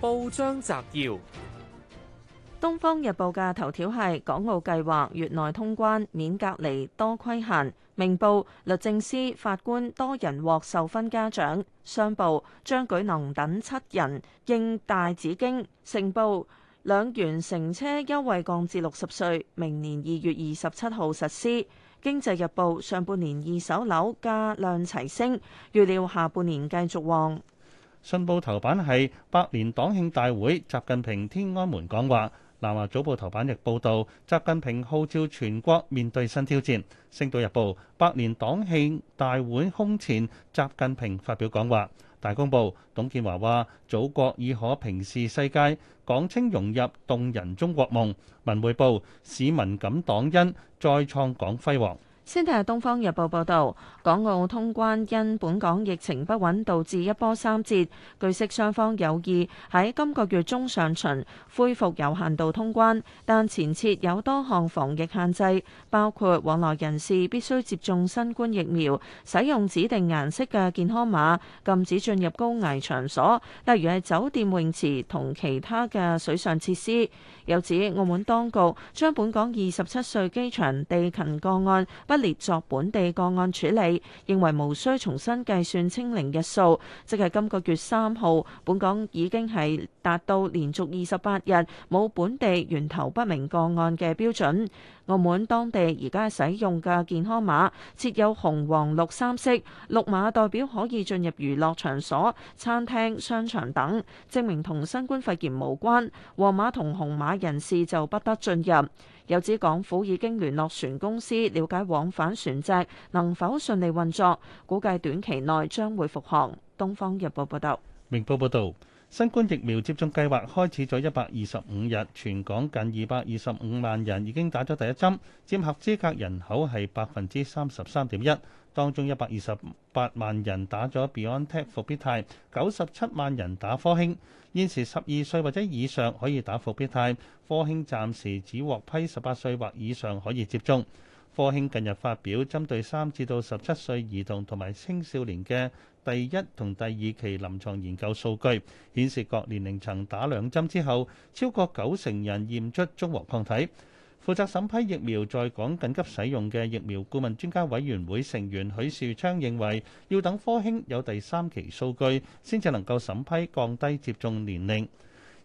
.報章摘要：《東方日報》嘅頭條係港澳計劃月內通關免隔離多規限；明報律政司法官多人獲授勳嘉獎；商報張舉能等七人應大紫荊；盛報兩元乘車優惠降至六十歲，明年二月二十七號實施。《經濟日報》上半年二手樓價量齊升，預料下半年繼續旺。信報頭版係百年黨慶大會，習近平天安門講話。南華早報頭版亦報道，習近平號召全國面對新挑戰。星島日報百年黨慶大會空前，習近平發表講話。大公報董建華話：祖國已可平視世界，港青融入動人中國夢。文匯報市民感黨恩，再創港輝煌。先睇下《東方日報》報道，港澳通關因本港疫情不穩導致一波三折。據悉，雙方有意喺今個月中上旬恢復有限度通關，但前設有多項防疫限制，包括往來人士必須接種新冠疫苗、使用指定顏色嘅健康碼、禁止進入高危場所，例如係酒店泳池同其他嘅水上設施。又指澳門當局將本港二十七歲機場地勤個案不列作本地個案處理，認為無需重新計算清零日數，即係今個月三號，本港已經係達到連續二十八日冇本地源頭不明個案嘅標準。澳門當地而家使用嘅健康碼設有紅、黃、綠三色，綠碼代表可以進入娛樂場所、餐廳、商場等，證明同新冠肺炎無關；黃碼同紅碼人士就不得進入。有指港府已經聯絡船公司，了解往返船隻能否順利運作，估計短期內將會復航。《東方日報》報道，《明報》報道。新冠疫苗接種計劃開始咗一百二十五日，全港近二百二十五萬人已經打咗第一針，佔合資格人口係百分之三十三點一。當中一百二十八萬人打咗 BioNTech 復必泰，九十七萬人打科興。現時十二歲或者以上可以打復必泰，Be、Time，科興暫時只獲批十八歲或以上可以接種。科興近日發表針對三至到十七歲兒童同埋青少年嘅第一同第二期臨床研究數據，顯示各年齡層打兩針之後，超過九成人驗出中和抗體。負責審批疫苗在港緊急使用嘅疫苗顧問專家委員會成員許樹昌認為，要等科興有第三期數據，先至能夠審批降低接種年齡。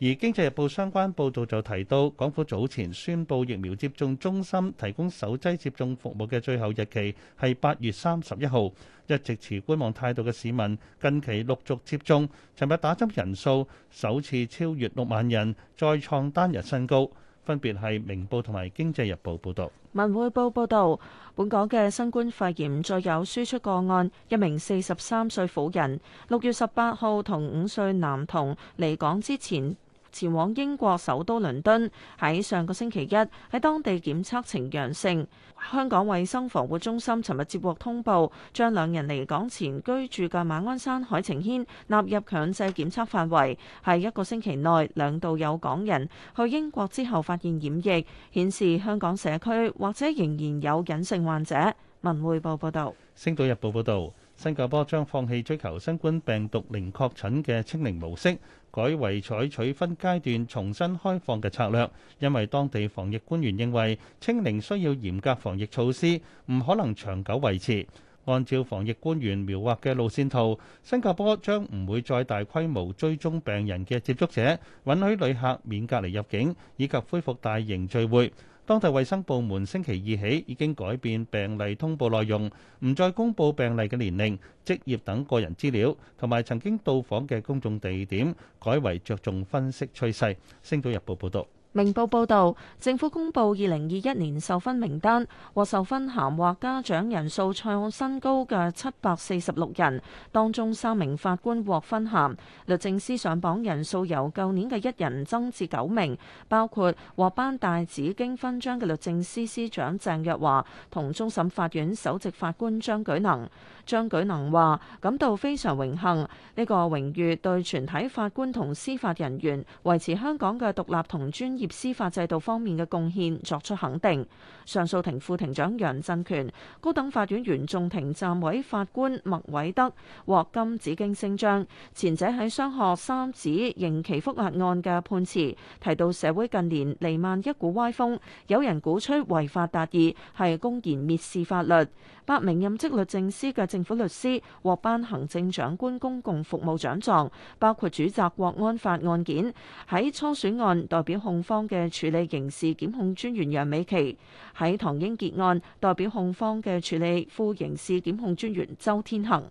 而《經濟日報》相關報導就提到，港府早前宣布疫苗接種中心提供首劑接種服務嘅最後日期係八月三十一號。一直持觀望態度嘅市民近期陸續接種，尋日打針人數首次超越六萬人，再創單日新高。分別係《明報》同埋《經濟日報》報導，《文匯報》報導，本港嘅新冠肺炎再有輸出個案，一名四十三歲婦人，六月十八號同五歲男童離港之前，前往英國首都倫敦，喺上個星期一喺當地檢測呈陽性。香港衛生防護中心尋日接獲通報，將兩人離港前居住嘅馬鞍山海晴軒納入強制檢測範圍。喺一個星期內，兩度有港人去英國之後發現染疫，顯示香港社區或者仍然有隱性患者。文匯報報道。《星島日報》報導。新加坡將放棄追求新冠病毒零確診嘅清零模式，改為採取分階段重新開放嘅策略。因為當地防疫官員認為清零需要嚴格防疫措施，唔可能長久維持。按照防疫官員描畫嘅路線圖，新加坡將唔會再大規模追蹤病人嘅接觸者，允許旅客免隔離入境，以及恢復大型聚會。當地衛生部門星期二起已經改變病例通報內容，唔再公佈病例嘅年齡、職業等個人資料，同埋曾經到訪嘅公眾地點，改為着重分析趨勢。星島日報報道。明報報導，政府公布二零二一年授勳名單，獲授勳銜或嘉獎人數創新高嘅七百四十六人，當中三名法官獲勳銜，律政司上榜人數由舊年嘅一人增至九名，包括獲頒大紫荊勳章嘅律政司司長鄭若驊同終審法院首席法官張舉能。張舉能話：感到非常榮幸，呢、這個榮譽對全體法官同司法人員維持香港嘅獨立同專業司法制度方面嘅貢獻作出肯定。上訴庭副庭長楊振權、高等法院原訟庭暫委法官麥偉德獲金紫荊星章。前者喺雙學三子刑期復核案嘅判詞提到，社會近年彌漫一股歪風，有人鼓吹違法達義，係公然蔑視法律。八名任職律政司嘅政府律師獲頒行政長官公共服務獎狀，包括主責國安法案件喺初選案代表控方嘅處理刑事檢控專員楊美琪，喺唐英傑案代表控方嘅處理副刑事檢控專員周天行。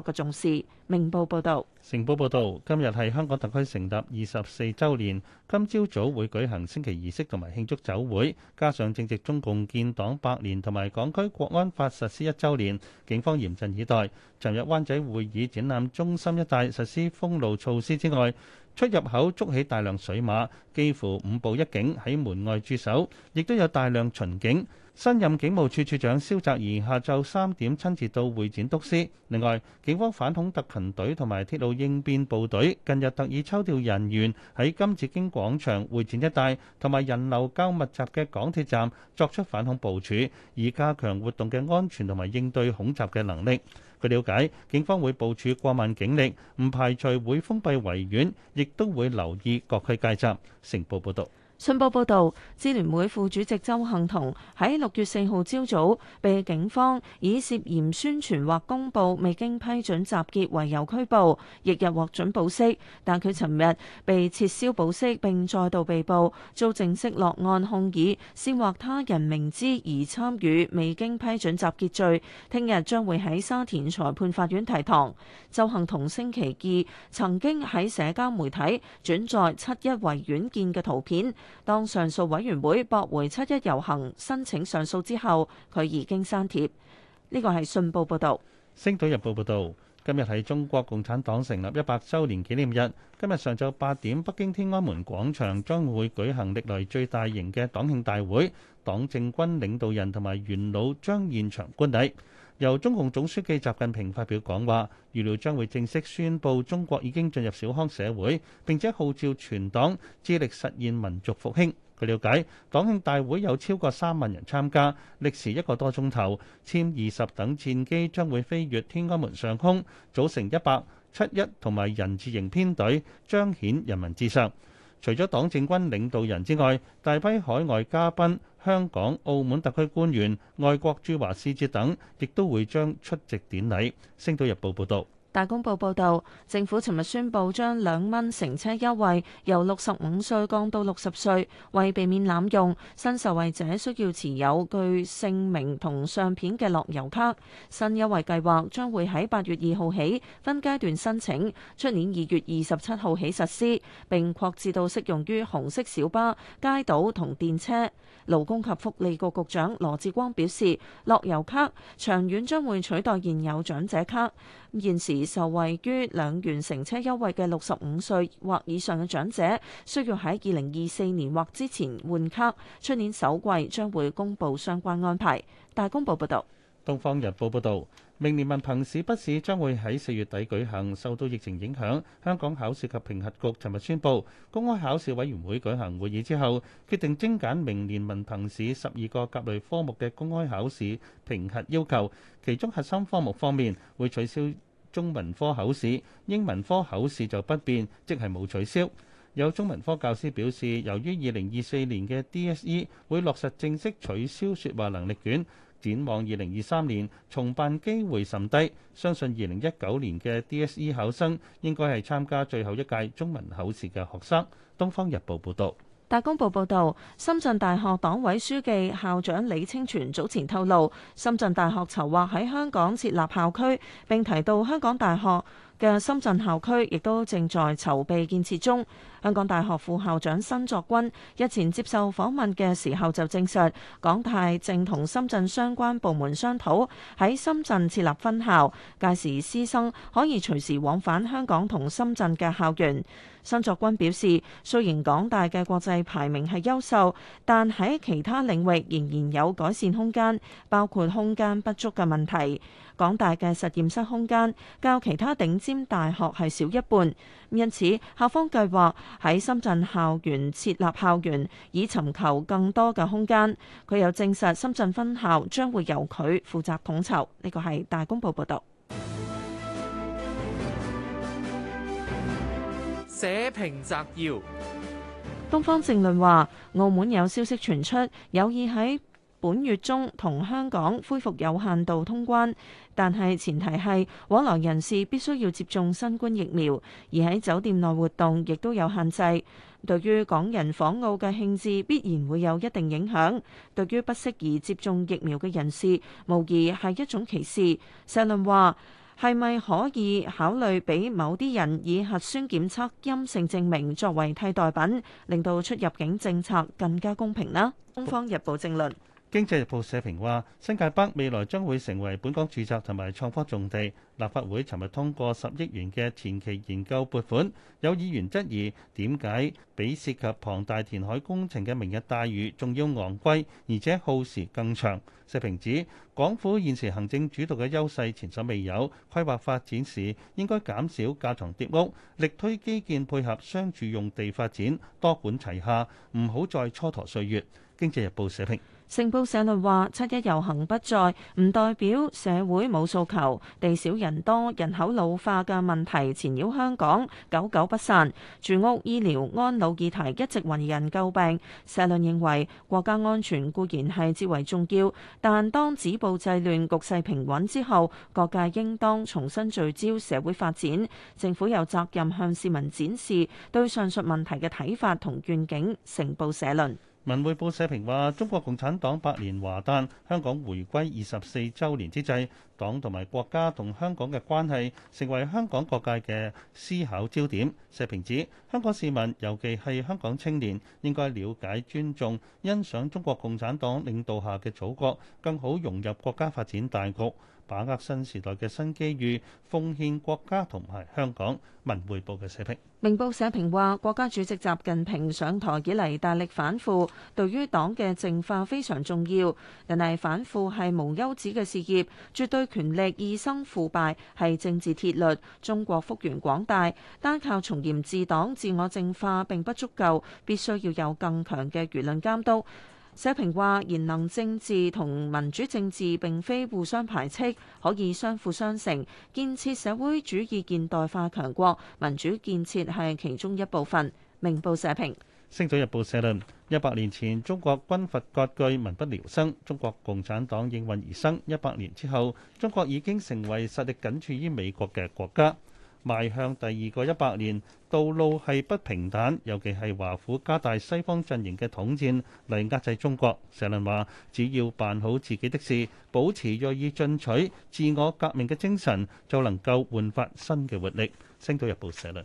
嘅重視，明報報導，成報報導，今日係香港特區成立二十四週年，今朝早會舉行升旗儀式同埋慶祝酒會，加上正值中共建黨百年同埋港區國安法實施一週年，警方嚴陣以待。尋日灣仔會議展覽中心一帶實施封路措施之外，出入口築起大量水馬，幾乎五步一警喺門外駐守，亦都有大量巡警。新任警務處處長蕭澤頤下晝三點親自到會展督師。另外，警方反恐特勤隊同埋鐵路應變部隊近日特意抽調人員喺金紫荊廣場會展一帶同埋人流較密集嘅港鐵站作出反恐部署，以加強活動嘅安全同埋應對恐襲嘅能力。據了解，警方會部署過萬警力，唔排除會封閉維園，亦都會留意各區街站。《成報》報導。信報報導，支聯會副主席周幸彤喺六月四號朝早被警方以涉嫌宣傳或公佈未經批准集結為由拘捕，翌日獲准保釋。但佢尋日被撤銷保釋並再度被捕，遭正式落案控以煽惑他人明知而參與未經批准集結罪。聽日將會喺沙田裁判法院提堂。周幸彤星期二曾經喺社交媒體轉載七一維園建嘅圖片。當上訴委員會駁回七一遊行申請上訴之後，佢已經刪帖。呢個係信報報道。《星島日報》報道，今日係中國共產黨成立一百週年紀念日。今日上晝八點，北京天安門廣場將會舉行歷來最大型嘅黨慶大會，黨政軍領導人同埋元老將現場觀禮。由中共總書記習近平發表講話，預料將會正式宣布中國已經進入小康社會，並且號召全黨致力實現民族復興。據了解，黨慶大會有超過三萬人參加，歷時一個多鐘頭。殲二十等戰機將會飛越天安門上空，組成一百七一同埋人字形編隊，彰顯人民至上。除咗黨政軍領導人之外，大批海外嘉賓、香港、澳門特區官員、外國駐華使節等，亦都會將出席典禮。星島日報報導。大公報報導，政府尋日宣布將兩蚊乘車優惠由六十五歲降到六十歲，為避免濫用，新受惠者需要持有具姓名同相片嘅樂悠咭。新優惠計劃將會喺八月二號起分階段申請，出年二月二十七號起實施，並擴至到適用於紅色小巴、街渡同電車。勞工及福利局局,局長羅致光表示，樂悠咭長遠將會取代現有長者卡。現時受惠於兩元乘車優惠嘅六十五歲或以上嘅長者，需要喺二零二四年或之前換卡。出年首季將會公佈相關安排。大公報報道，《東方日報》報道，明年文憑試筆試將會喺四月底舉行。受到疫情影響，香港考試及評核局尋日宣布，公開考試委員會舉行會議之後，決定精簡明年文憑試十二個甲類科目嘅公開考試評核要求，其中核心科目方面會取消。中文科口試，英文科口試就不變，即係冇取消。有中文科教師表示，由於二零二四年嘅 DSE 會落實正式取消説話能力卷，展望二零二三年重辦機會甚低。相信二零一九年嘅 DSE 考生應該係參加最後一屆中文口試嘅學生。《東方日報》報道。大公報報導，深圳大學黨委書記、校長李清泉早前透露，深圳大學籌劃喺香港設立校區，並提到香港大學嘅深圳校區亦都正在籌備建設中。香港大學副校長申作軍日前接受訪問嘅時候就證實，港大正同深圳相關部門商討喺深圳設立分校，屆時師生可以隨時往返香港同深圳嘅校園。新作君表示，雖然港大嘅國際排名係優秀，但喺其他領域仍然有改善空間，包括空間不足嘅問題。港大嘅實驗室空間較其他頂尖大學係少一半，因此校方計劃喺深圳校園設立校園，以尋求更多嘅空間。佢又證實，深圳分校將會由佢負責統籌。呢個係大公報報道。社評摘要。東方正論話，澳門有消息傳出，有意喺本月中同香港恢復有限度通關，但係前提係往來人士必須要接種新冠疫苗，而喺酒店內活動亦都有限制。對於港人訪澳嘅興致，必然會有一定影響。對於不適宜接種疫苗嘅人士，無疑係一種歧視。社論話。係咪可以考慮俾某啲人以核酸檢測陰性證明作為替代品，令到出入境政策更加公平呢？《東方日報》正論。《經濟日報》社評話：新界北未來將會成為本港住宅同埋創科重地。立法會尋日通過十億元嘅前期研究撥款，有議員質疑點解比涉及龐大填海工程嘅明日大嶼仲要昂貴，而且耗時更長。社評指港府現時行政主導嘅優勢前所未有，規劃發展時應該減少架床疊屋，力推基建配合商住用地發展，多管齊下，唔好再蹉跎歲月。《經濟日報》社評。成報社論話：七一遊行不再，唔代表社會冇訴求。地少人多、人口老化嘅問題纏繞香港，久久不散。住屋、醫療、安老議題一直為人詬病。社論認為，國家安全固然係至為重要，但當止暴制亂局勢平穩之後，各界應當重新聚焦社會發展。政府有責任向市民展示對上述問題嘅睇法同願景。成報社論。文匯報社評話：中國共產黨百年華誕，香港回歸二十四週年之際，黨同埋國家同香港嘅關係成為香港各界嘅思考焦點。社評指，香港市民，尤其係香港青年，應該了解、尊重、欣賞中國共產黨領導下嘅祖國，更好融入國家發展大局。把握新時代嘅新機遇，奉獻國家同埋香港。文匯報嘅社評。明報社評話：國家主席習近平上台以嚟，大力反腐，對於黨嘅淨化非常重要。但係反腐係無休止嘅事業，絕對權力易生腐敗，係政治鐵律。中國幅員廣大，單靠從嚴治黨、自我淨化並不足夠，必須要有更強嘅輿論監督。社評話：言論政治同民主政治並非互相排斥，可以相輔相成。建設社會主義現代化強國，民主建設係其中一部分。明報社評。《星島日報》社論：一百年前，中國軍閥割據，民不聊生。中國共產黨應運而生。一百年之後，中國已經成為實力僅處於美國嘅國家。邁向第二個一百年，道路係不平坦，尤其係華府加大西方陣營嘅統戰嚟壓制中國。社論話：只要辦好自己的事，保持銳意進取、自我革命嘅精神，就能夠煥發新嘅活力。星島日報社論。